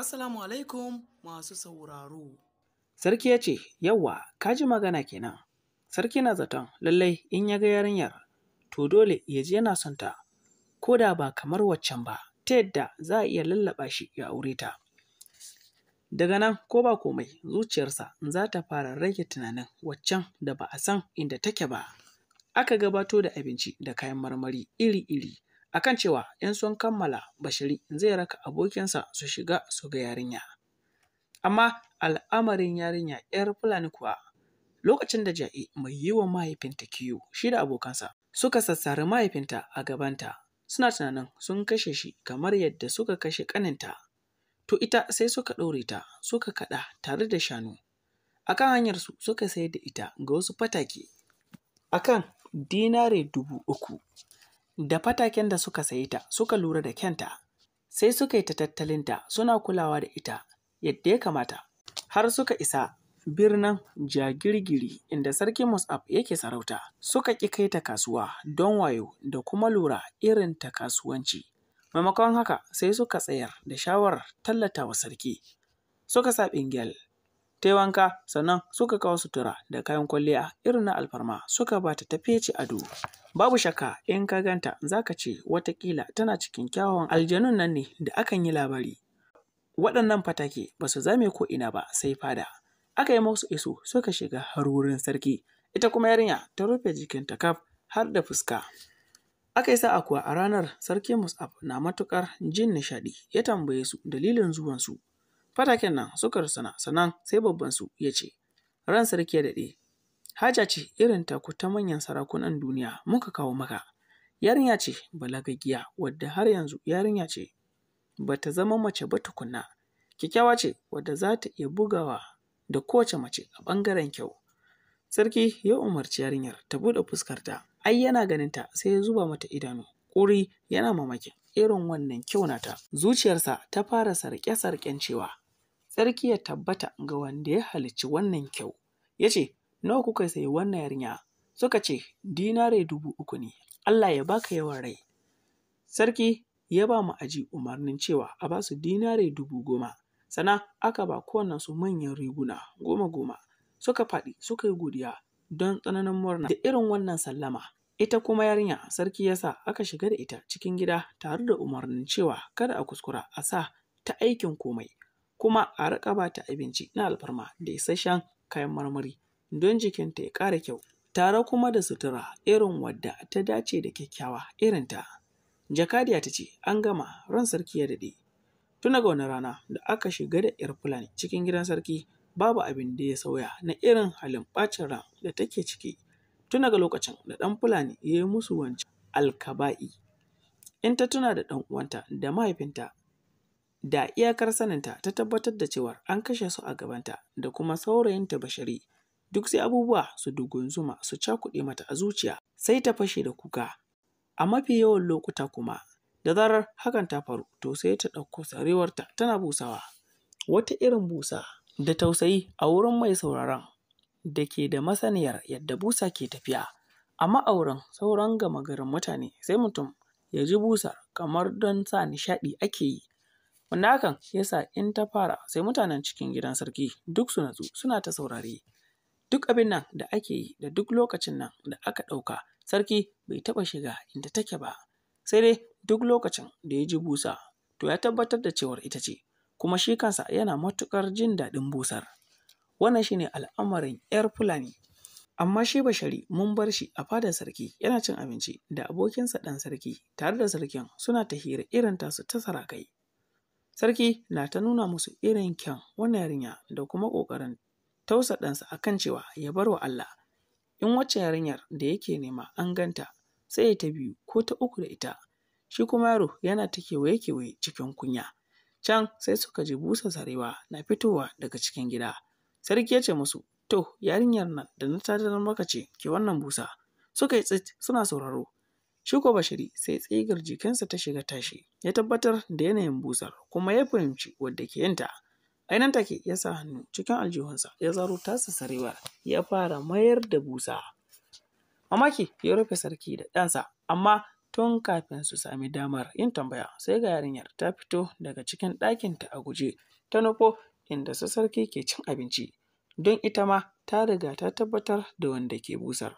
Assalamu alaikum masu sauraro. Sarki ya ce, Yawwa, ka ji magana kenan. Sarki na zaton, lallai in ya ga yarinyar, to dole ya ji yana son ta, ko da ba kamar waccan ba, ta yadda za a iya lallaɓa shi ya aure ta. Daga nan, ko ba komai, zuciyarsa za ta fara rage tunanin waccan da ba a san inda take ba. Aka gabato da abinci da kayan marmari iri-iri. akan cewa in sun kammala Bashiri zai raka abokinsa su shiga su ga yarinya. Amma al'amarin yarinya ‘yar Fulani kuwa lokacin da ja'i mai yi wa mahaifinta kiyo shi da abokansa suka sassari mahaifinta a gabanta suna tunanin sun kashe shi kamar yadda suka kashe kaninta, To ita sai suka ɗore ta suka kaɗa tare da shanu. Akan hanyar su suka sayar da ita ga wasu fatake. Akan dinare dubu uku. Da fataken da suka sayi ta suka lura da kyanta, sai suka yi ta tattalinta suna kulawa da ita yadda ya kamata, har suka isa birnin Jagirgiri inda Sarki Mus'ab yake sarauta. Suka ƙi kai ta kasuwa don wayo da kuma lura irin ta kasuwanci. Maimakon haka sai suka tsayar da shawarar tallata wa sarki. Suka sa ɓingel ta wanka sannan suka kawo sutura da kayan kwalliya irin na alfarma suka ba ta tafiye ci ado. Babu shakka in ka ganta za ka ce watakila tana cikin kyawawan aljanun nan ne da akan yi labari. Waɗannan fatake ba su zame ko ina ba sai fada. Aka yi masu iso suka shiga har wurin sarki. Ita kuma yarinya ta rufe jikinta kaf har da fuska. Aka yi sa'a kuwa a ranar sarki Mus'ab na matukar jin nishaɗi ya tambaye su dalilin zuwansu. Fataken nan suka rusuna sannan sai babbansu ya ce, Ran sarki ya daɗe, haja ce irin taku ta manyan sarakunan duniya muka kawo maka. Yarinya ce balagagiya, wadda har yanzu yarinya ce ba ta zama mace ba tukunna. Kyakkyawa ce wadda za ta iya bugawa da kowace mace a ɓangaren kyau. Sarki ya umarci yarinyar ta buɗe fuskarta, ai yana ganin ta sai ya zuba mata idanu, ƙuri yana mamakin irin wannan kyau nata. Zuciyarsa ta fara sarƙe-sarƙen cewa Sarki ya tabbata ga wanda ya halicci wannan kyau. Ya ce, Nawa kuka sayi wannan yarinya? Suka ce, Dinare dubu uku ne, Allah ya baka yawan rai. Sarki ya ba mu aji umarnin cewa a ba su dinare dubu goma, sana aka ba su manyan riguna goma-goma. Suka faɗi suka yi godiya don tsananin murna da irin wannan sallama. Ita kuma yarinya sarki ya sa aka shiga da ita cikin gida tare da umarnin cewa kada a kuskura a sa ta aikin komai. kuma a riƙa bata abinci na alfarma da isasshen kayan marmari don jikinta ya ƙara kyau tare kuma da sutura irin wadda ta dace da kyakkyawa irin ta. Jakadiya ta ce an gama ran sarki ya daɗe. Tuna ga wani rana da aka shiga da ‘yar Fulani cikin gidan sarki babu abin da ya sauya na irin halin ɓacin ran da take ciki. Tuna ga lokacin da ɗan Fulani ya yi musu wancan alkaba'i. In ta tuna da ɗan uwanta da mahaifinta da iyakar saninta ta tabbatar da cewar an kashe su a gabanta da kuma saurayinta bashari duk sai abubuwa su dugunzuma su cakuɗe mata a zuciya sai ta fashe da kuka a mafi yawan lokuta kuma da zarar hakan ta faru to sai ta ɗauko sarewarta tana busawa wata irin busa da tausayi a wurin mai sauraron da ke da masaniyar yadda busa ke tafiya amma a wurin sauran gama garin mutane sai mutum ya ji busa kamar don sa nishaɗi ake yi Wanda hakan ya sa in ta fara sai mutanen cikin gidan sarki duk su natsu suna ta saurari. Duk abin nan da ake yi da duk lokacin nan da aka ɗauka sarki bai taɓa shiga inda take ba. Sai dai duk lokacin da ya ji busa to ya tabbatar da cewar ita ce kuma shi kansa yana matuƙar jin daɗin busar. Wannan shine al'amarin 'yar Fulani. Amma shi Bashari mun bar shi a fadar sarki yana cin abinci da abokinsa ɗan sarki tare da sarkin suna ta hira irin tasu ta sarakai. Sarki na ta nuna musu irin kyan wannan yarinya da kuma ƙoƙarin tausa ɗansa a kan cewa ya bar wa Allah. In wacce yarinyar da yake nema an ganta sai ya ta biyu ko ta uku da ita, shi kuma yaro yana ta kewaye-kewaye cikin kunya. Can sai suka ji busa sarewa na fitowa daga cikin gida. Sarki ya ce musu, To, yarinyar nan da na tarar maka ce ke wannan busa. Suka yi tsit suna sauraro. Shuko Bashiri sai tsigar jikinsa ta shiga tashi, ya tabbatar da yanayin busar, kuma ya fahimci wadda ke yinta. A nan take ya sa hannu cikin aljihunsa, ya zaro tasa sarewar, ya fara mayar da busa. Mamaki ya rufe sarki da ɗansa, amma tun kafin su sami damar yin tambaya, sai ga yarinyar ta fito daga cikin ɗakinta a guje, ta nufo inda su sarki ke cin abinci, don ita ma ta riga ta tabbatar da wanda ke busar.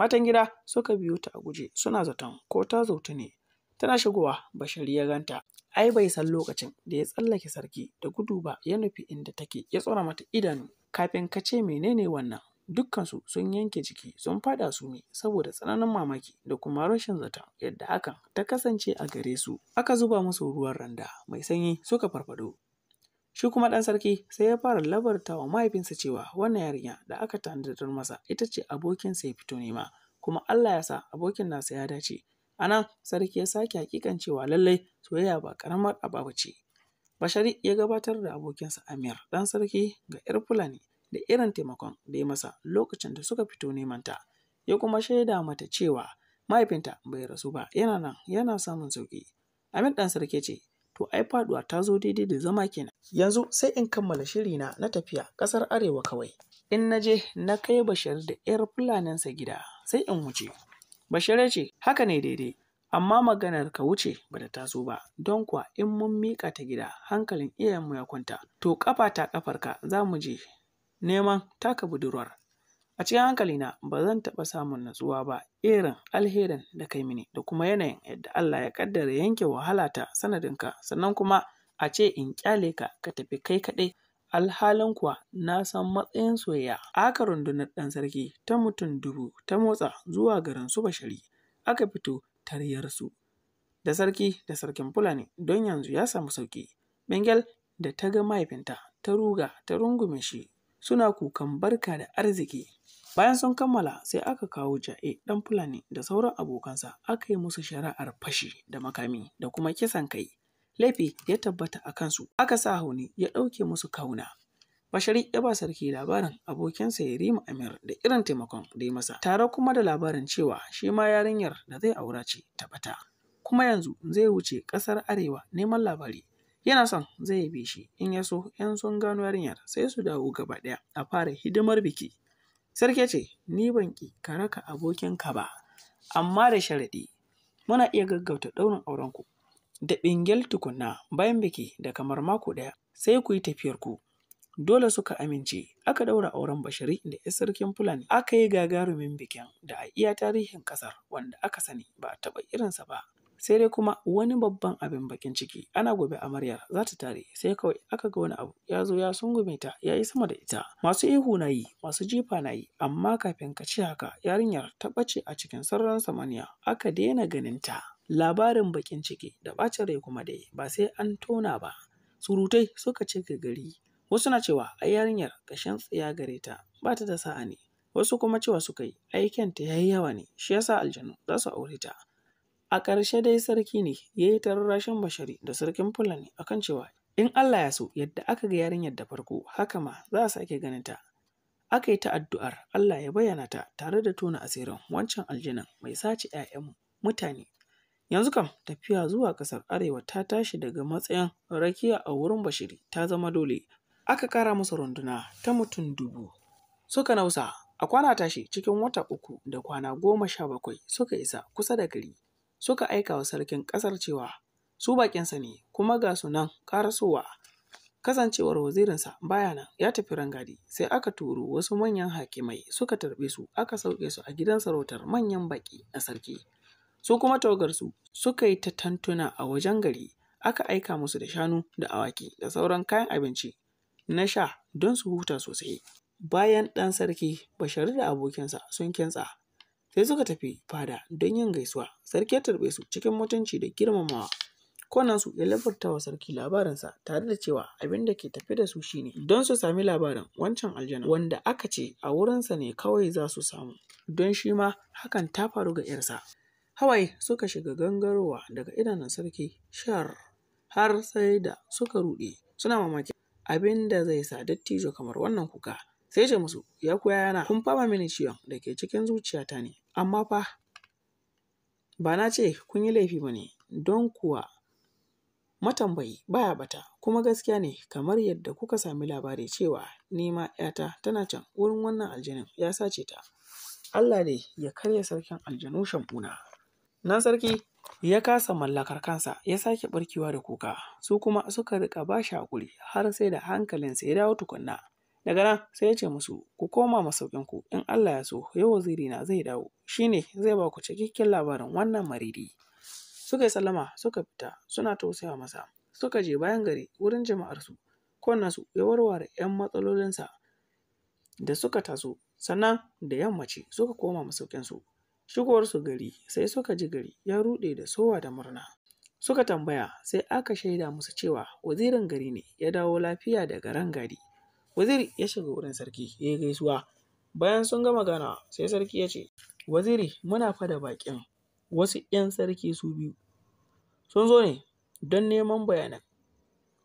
Matan gida suka biyo ta a guje suna zaton ko ta zautu ne. Tana shigowa Bashir ya ganta. Ai bai san lokacin da ya tsallake sarki da gudu ba ya nufi inda take ya tsora mata idanu. Kafin ka ce menene wannan dukkansu sun yanke jiki sun fada su ne saboda tsananin mamaki da kuma rashin zaton yadda hakan ta kasance a gare su. Aka zuba musu ruwan randa mai sanyi suka farfado. Shi kuma ɗan sarki sai ya fara labarta wa mahaifinsa cewa wannan yarinya da aka tanadar masa ita ce abokinsa ya fito nema, kuma Allah ya sa abokin nasa ya dace. A nan sarki ya sake hakikan cewa lallai soyayya ba ƙaramar ababa ce. Bashari ya gabatar da abokinsa Amir ɗan sarki ga 'yar Fulani da irin taimakon da ya masa lokacin da suka fito neman ta. Ya kuma shaida mata cewa mahaifinta bai rasu ba yana nan yana samun sauki Amir ɗan sarki ce to ai faduwa ta zo daidai da zama kenan. Yanzu sai in kammala shiri na na tafiya ƙasar Arewa kawai. In na je na kai Bashir da 'yar fulaninsa gida sai in wuce. Bashir ce haka ne daidai amma maganar ka wuce ba ta taso ba don kuwa in mun miƙa ta gida hankalin iyayenmu ya kwanta to ƙafa ta ƙafarka za mu je neman taka budurwar A cikin na ba zan taɓa samun natsuwa ba irin alherin da kai mini da kuma yanayin yadda Allah ya kaddara yanke wahala ta sanadinka sannan kuma a ce in kyale ka ka tafi kai kaɗai alhalin kuwa na san matsayin soyayya aka rundunar ɗan sarki ta mutum dubu ta motsa zuwa garin su bashari aka fito su da sarki da sarkin fulani don yanzu ya samu sauki bengel da ta ga mahaifinta ta ruga ta rungume shi suna kukan barka da arziki. Bayan sun kammala sai aka kawo Ja'e ɗan Fulani da sauran abokansa aka yi musu shari'ar fashi da makami da kuma kisan kai. Laifi ya tabbata a kansu aka sa hauni ya ɗauke musu kauna. Bashari ya ba sarki labarin abokinsa Yarima Amir da irin taimakon da ya masa tare kuma da labarin cewa shi ma yarinyar da zai aura ce ta bata. Kuma yanzu zai wuce ƙasar Arewa neman labari Yana son zai bi shi in ya so ‘yan sun gano yarinyar sai su dawo gaba ɗaya a fara hidimar biki. Sarki ce, Ni ban ki ka raka abokinka ba, amma da sharaɗi muna iya gaggauta ɗaurin aurenku da ɓingel tukunna bayan biki da kamar mako ɗaya sai ku yi tafiyarku. Dole suka amince aka ɗaura auren Bashari da ‘yar sarkin Fulani aka yi gagarumin bikin da a iya tarihin ƙasar wanda aka sani ba a taɓa irinsa ba. Sai dai kuma wani babban abin bakin ciki ana gobe amaryar za ta tare sai kawai aka ga wani abu ya zo ya sungume ta ya yi sama da ita. Masu ihu na yi masu jifa na yi amma kafin ka ci haka yarinyar ta ɓace a cikin sararin samaniya aka daina ganin ta. Labarin bakin ciki da ɓacin rai kuma dai ba sai an tona ba. Surutai suka ce ka gari wasu na cewa a yarinyar ƙashin tsiya gare ta ba ta da sa'a ne wasu kuma cewa suka yi aikin ta yayi yawa ne shi yasa aljanu za su aure ta A ƙarshe dai sarki ne ya yi tararrashin Bashari da sarkin Fulani a kan cewa in Allah ya so yadda aka ga yarinyar da farko haka ma za a sake ganin ta. Aka yi ta addu'ar Allah ya bayyana ta tare da tona asirin wancan aljinan mai sace 'ya'yan mutane. Yanzu kam tafiya zuwa ƙasar Arewa ta tashi daga matsayin rakiya a wurin Bashiri ta zama dole. Aka ƙara masa runduna ta mutum dubu. Suka nausa a kwana tashi cikin wata uku da kwana goma sha bakwai suka isa kusa da gari. suka aika wa sarkin ƙasar cewa su baƙinsa ne kuma ga su nan ƙarasowa. Kasancewar wazirinsa baya nan ya tafi rangadi sai aka turo wasu manyan hakimai suka tarbe su aka sauke su a gidan sarautar manyan baki na sarki. Su kuma su suka yi ta tantuna a wajen gari aka aika musu da shanu da awaki da sauran kayan abinci na sha don su huta sosai. Bayan ɗan sarki bashari da abokinsa sun kintsa sai suka tafi fada don yin gaisuwa sarki ya tarbe su cikin mutunci da girmamawa su ya labarta wa sarki labarinsa tare da cewa abin da ke tafi da su shine don su sami labarin wancan aljana wanda aka ce a wurinsa ne kawai za su samu don shi ma hakan ta faru ga yarsa hawaye suka shiga gangarowa daga idanun sarki shar har sai da suka ruɗe suna mamaki abin da zai sa dattijo kamar wannan kuka sai ce musu ya kuwa yana kun fama mini ciwon da ke cikin zuciyata ne amma fa ba na ce kun yi laifi ba ne don kuwa matambayi baya bata kuma gaskiya ne kamar yadda kuka sami labari cewa nima yata tana can wurin wannan aljanin ya sace ta Allah ne ya karya sarkin aljanu shampuna nan sarki ya kasa mallakar kansa ya sake barkewa da kuka su kuma suka rika ba shi hakuri har sai da hankalinsa ya dawo tukunna Daga nan sai ya ce musu, ku koma masaukinku in Allah ya so, yau na zai dawo, shi ne zai ba ku cikakken labarin wannan mariri. Suka yi sallama suka fita suna tausayawa masa, suka je bayan gari wurin jama'arsu, su ya warware 'yan matsalolinsa da suka taso, sannan da yammaci suka koma masaukinsu. Shigowarsu gari sai suka ji gari ya ruɗe da sowa da murna. Suka tambaya sai aka shaida musu cewa wazirin gari ne ya dawo lafiya daga ran gari Waziri ya shiga wurin sarki ya yi gaisuwa. Bayan sun gama gana sai sarki ya ce, Waziri muna fa da baƙin wasu ‘yan sarki su biyu. Sun zo ne don neman bayanan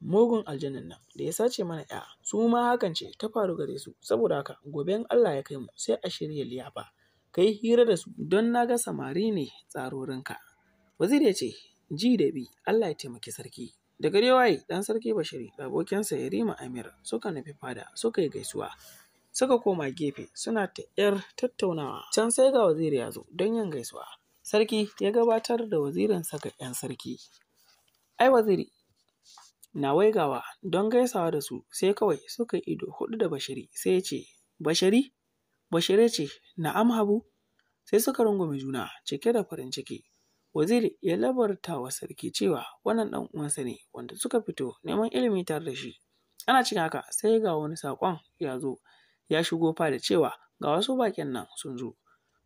mugun aljanin nan da ya sace mana ‘ya. Su ma hakan ce ta faru gare su saboda haka gobe in Allah ya kai mu sai a shirya liyafa. Ka hira da su don na ga samari ne tsarorinka. Waziri ya ce, Ji da bi Allah ya taimaki sarki. Da gari waye ɗan sarki Bashiri da abokinsa Yarima Amir suka nufi fada suka yi gaisuwa. Suka koma gefe suna ta ‘yar tattaunawa. Can sai ga waziri ya zo don yin gaisuwa. Sarki ya gabatar da wazirin saka ‘yan sarki. Ai waziri na waigawa don gaisawa da su sai kawai suka yi ido huɗu da Bashiri sai ya ce, Bashiri? Bashiri ce, na'am Habu? Sai suka rungume juna cike da farin ciki Waziri ya labarta wa sarki cewa wannan dan uwansa ne wanda suka fito neman ilimi tare da shi. Ana cikin haka sai ga wani saƙon ya zo ya shigo fada cewa ga wasu bakin nan sun zo.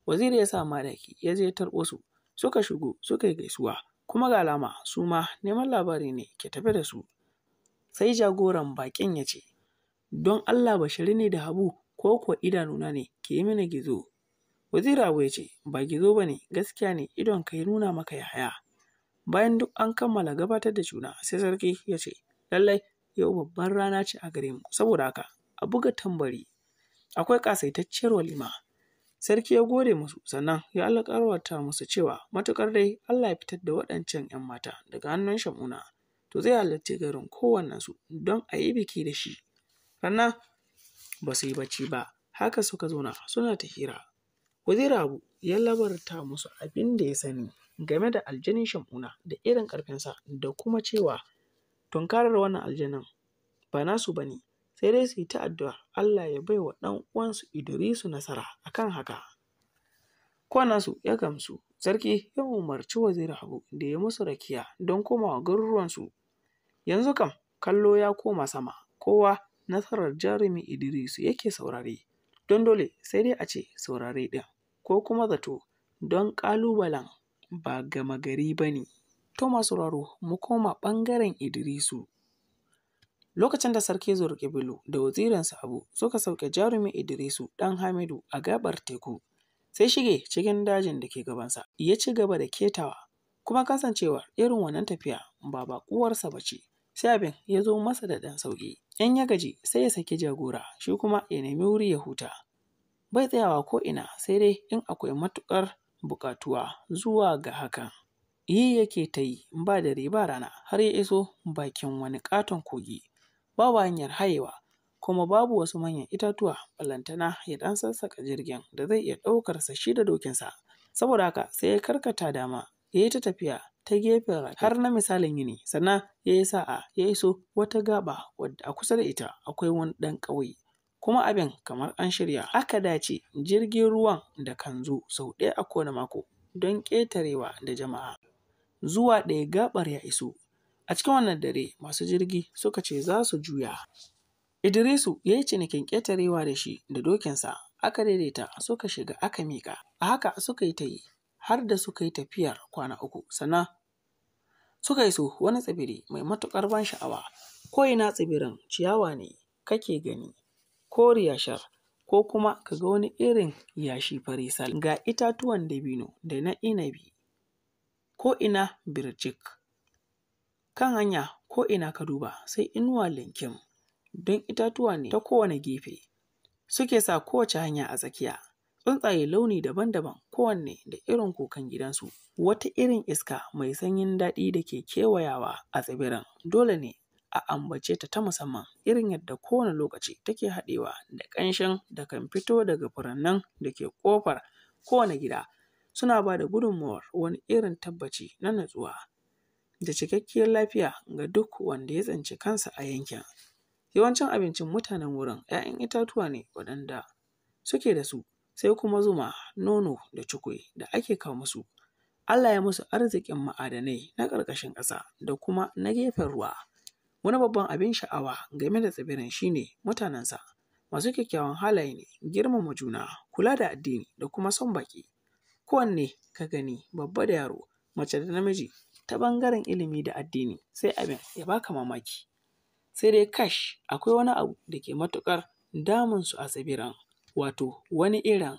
Waziri ya sa madaki ya je tarɓo su suka shigo suka yi gaisuwa kuma ga alama su ma neman labari ne ke tafi da su. Sai jagoran bakin ya ce, Don Allah bashari ne da habu ko kuwa idanuna ne ke yi mini gizo. Waziri ya ce, ba gizo ba ne, gaskiya ne idon ka ya nuna maka yaya. Bayan duk an kammala gabatar da juna sai sarki ya ce, lallai yau babban rana ce a gare mu, saboda haka a buga tambari. Akwai ƙasaitacciyar walima. Sarki ya gode musu sannan ya alƙarwata musu cewa matuƙar dai Allah ya fitar da waɗancan ‘yan mata daga hannun Shamuna to zai halarci garin kowanne su, don a yi biki da shi. Rannan ba su yi bacci ba, haka suka zauna suna ta hira Habu ya labarta musu abin da ya sani game da aljanin Shamuna da irin ƙarfinsa da kuma cewa tunkarar wannan aljanin ba nasu ba ne, sai dai su yi ta addu'a Allah ya bai wa ɗan uwansu Idrisu nasara akan haka. Kwanansu ya gamsu, sarki ya umarci wazir Habu da ya musu rakiya don komawa garuruwansu. Yanzu kam kallo ya koma sama, kowa nasarar jarumi Idrisu yake saurare, don dole sai dai a ce saurare ɗin. ko kuma zato don ƙalubalen ba gama gari ba ne. Thomas raro mu koma ɓangaren Idrisu. Lokacin da sarki Zurƙibilu da wazirin Sabu suka sauke jarumin Idrisu ɗan Hamidu a gabar teku, sai shige cikin dajin da ke gabansa ya ci gaba da ketawa kuma kasancewa irin wannan tafiya ba baƙuwarsa ba ce. sai abin ya zo masa da ɗan sauƙi. In ya gaji sai ya saki jagora shi kuma ya nemi wuri ya huta. bai tsayawa ko'ina sai dai in akwai matuƙar buƙatuwa zuwa ga hakan. Yi yake ta yi ba da riba rana har ya iso bakin wani katon kogi. Babu hanyar hayewa kuma babu wasu manyan itatuwa balantana ya ɗan sassaka jirgin da zai iya sa shi da dokinsa. Saboda haka sai ya karkata dama ya yi ta tafiya ta gefen rafi har na misalin yini sannan ya yi sa'a ya iso wata gaba wadda a kusa da ita akwai wani ɗan ƙauye kuma abin kamar an shirya. Aka dace jirgin ruwan da kan zo sau ɗaya a kowane mako don ƙetarewa da jama'a zuwa ɗaya gaɓar ya iso. A cikin wannan dare masu jirgi suka ce za su juya. Idrisu ya yi cinikin ƙetarewa da shi da dokinsa aka daidaita suka shiga aka miƙa. A haka suka yi ta yi har da suka yi tafiyar kwana uku sannan suka iso wani tsibiri mai matuƙar ban sha'awa. Ko ina tsibirin ciyawa ne kake gani koriyar yashar ko kuma ka ga wani irin yashi fari sal. Ga itatuwan dabino da na inabi ko ina birjik, kan hanya ko ina ka duba sai inuwa linkim don itatuwa ne ta kowane gefe suke sa kowace hanya a tsakiya. Tsuntsaye launi daban-daban kowanne da irin kukan gidansu, wata irin iska mai sanyin daɗi da ke kewayawa a tsibirin dole ne a ambace ta ta musamman irin yadda kowane lokaci take haɗewa da ƙanshin da kan fito daga furannan da ke ƙofar kowane gida suna ba da gudunmuwar wani irin tabbaci na natsuwa da cikakkiyar lafiya ga duk wanda ya tsinci kansa a yankin. Yawancin abincin mutanen wurin 'ya'yan itatuwa ne waɗanda suke da su sai kuma zuma, nono da cukwi da ake kawo musu. Allah ya musu arzikin ma'adanai na ƙarƙashin ƙasa da kuma na gefen ruwa. Wani babban abin sha'awa game da tsibirin shine mutanensa masu kyakkyawan halaye ne, girmama juna, kula da addini da kuma son baki. Kowanne ka gani babba da yaro, mace da namiji ta ɓangaren ilimi da addini sai abin ya baka mamaki. Sai dai kash akwai wani abu da ke matuƙar damunsu a tsibiran wato wani irin